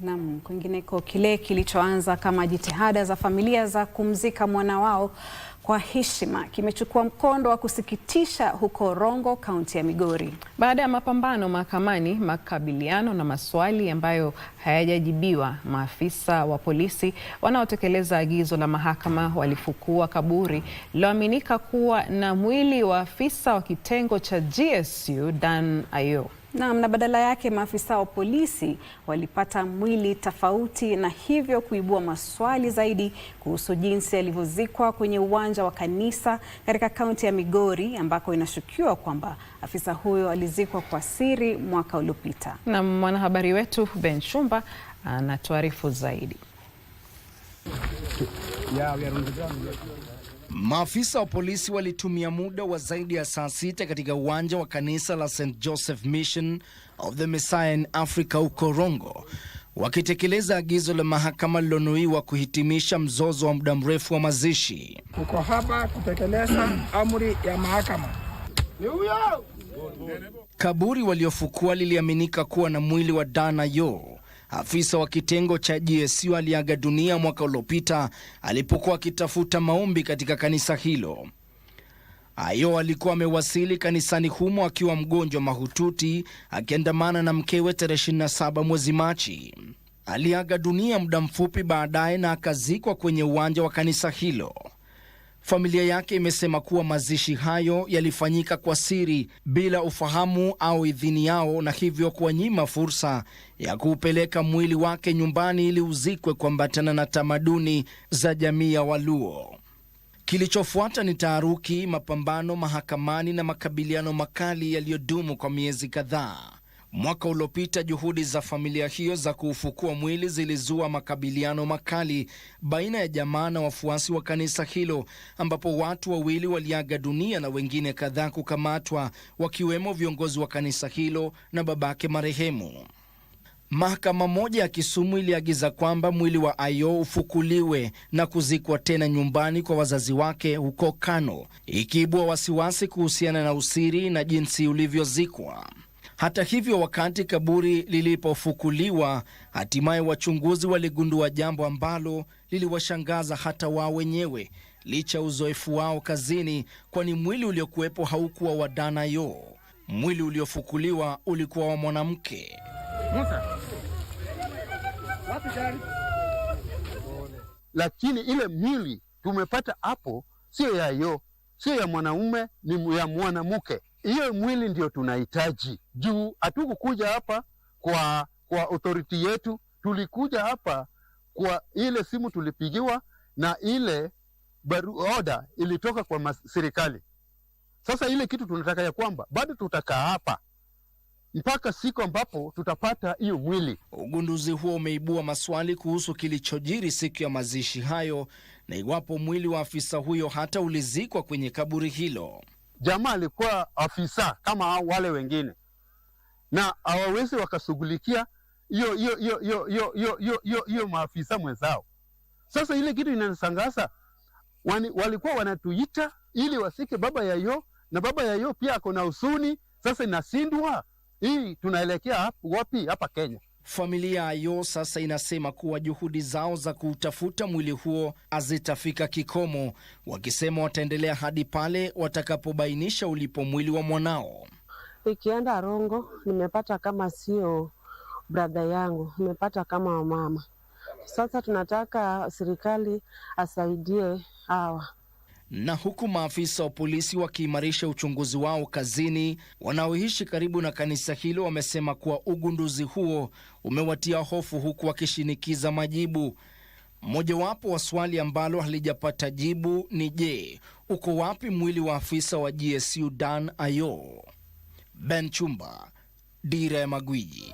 Naam, kwingineko kile kilichoanza kama jitihada za familia za kumzika mwana wao kwa heshima kimechukua mkondo wa kusikitisha huko Rongo, kaunti ya Migori. Baada ya mapambano mahakamani, makabiliano na maswali ambayo hayajajibiwa, maafisa wa polisi wanaotekeleza agizo la mahakama walifukua kaburi liloaminika kuwa na mwili wa afisa wa kitengo cha GSU Dan Ayo. Naam, na badala yake maafisa wa polisi walipata mwili tofauti na hivyo kuibua maswali zaidi kuhusu jinsi alivyozikwa kwenye uwanja uwanja wa kanisa katika kaunti ya Migori ambako inashukiwa kwamba afisa huyo alizikwa kwa siri mwaka uliopita. Na mwanahabari wetu Ben Shumba anatuarifu zaidi. Maafisa wa polisi walitumia muda wa zaidi ya saa sita katika uwanja wa kanisa la St Joseph Mission of the Messiah in Africa huko Rongo wakitekeleza agizo la mahakama lilonuiwa kuhitimisha mzozo wa muda mrefu wa mazishi. Tuko hapa kutekeleza amri ya mahakama. Kaburi waliofukua liliaminika kuwa na mwili wa Dana Yo, afisa wa kitengo cha GSU aliaga dunia mwaka uliopita alipokuwa akitafuta maombi katika kanisa hilo. Ayo alikuwa amewasili kanisani humo akiwa mgonjwa mahututi akiandamana na mkewe tarehe 27 mwezi Machi. Aliaga dunia muda mfupi baadaye na akazikwa kwenye uwanja wa kanisa hilo. Familia yake imesema kuwa mazishi hayo yalifanyika kwa siri bila ufahamu au idhini yao, na hivyo kuwanyima fursa ya kuupeleka mwili wake nyumbani ili uzikwe kuambatana na tamaduni za jamii ya Waluo. Kilichofuata ni taharuki, mapambano mahakamani na makabiliano makali yaliyodumu kwa miezi kadhaa. Mwaka uliopita, juhudi za familia hiyo za kuufukua mwili zilizua makabiliano makali baina ya jamaa na wafuasi wa kanisa hilo, ambapo watu wawili waliaga dunia na wengine kadhaa kukamatwa, wakiwemo viongozi wa kanisa hilo na babake marehemu. Mahakama moja ya Kisumu iliagiza kwamba mwili wa Ayo ufukuliwe na kuzikwa tena nyumbani kwa wazazi wake huko Kano, ikiibua wasiwasi kuhusiana na usiri na jinsi ulivyozikwa. Hata hivyo, wakati kaburi lilipofukuliwa, hatimaye wachunguzi waligundua jambo ambalo liliwashangaza hata wao wenyewe licha ya uzoefu wao kazini, kwani mwili uliokuwepo haukuwa wa Danayo. Mwili uliofukuliwa ulikuwa wa mwanamke. Musa. Wapi gari? Lakini ile mwili tumepata hapo sio ya yo, sio ya mwanaume, ni ya mwanamke. Hiyo mwili ndio tunahitaji, juu hatukukuja hapa kwa kwa authority yetu, tulikuja hapa kwa ile simu tulipigiwa na ile baru oda ilitoka kwa serikali. Sasa ile kitu tunataka ya kwamba bado tutakaa hapa mpaka siku ambapo tutapata hiyo mwili. Ugunduzi huo umeibua maswali kuhusu kilichojiri siku ya mazishi hayo na iwapo mwili wa afisa huyo hata ulizikwa kwenye kaburi hilo. Jamaa alikuwa afisa kama wale wengine, na hawawezi wakashughulikia hiyo hiyo hiyo hiyo maafisa mwenzao. Sasa ile kitu inanishangaza, walikuwa wanatuita ili wasike baba yayo, na baba yayo pia ako na usuni. Sasa inashindwa hii tunaelekea wapi hapa Kenya? Familia hiyo sasa inasema kuwa juhudi zao za kuutafuta mwili huo hazitafika kikomo, wakisema wataendelea hadi pale watakapobainisha ulipo mwili wa mwanao. Ikienda Rongo nimepata kama sio bradha yangu, nimepata kama wamama. Sasa tunataka serikali asaidie hawa na huku maafisa wa polisi wakiimarisha uchunguzi wao kazini, wanaoishi karibu na kanisa hilo wamesema kuwa ugunduzi huo umewatia hofu, huku wakishinikiza majibu. Mojawapo wa swali ambalo halijapata jibu ni je, uko wapi mwili wa afisa wa GSU Dan Ayo? Ben Chumba, Dira ya Magwiji.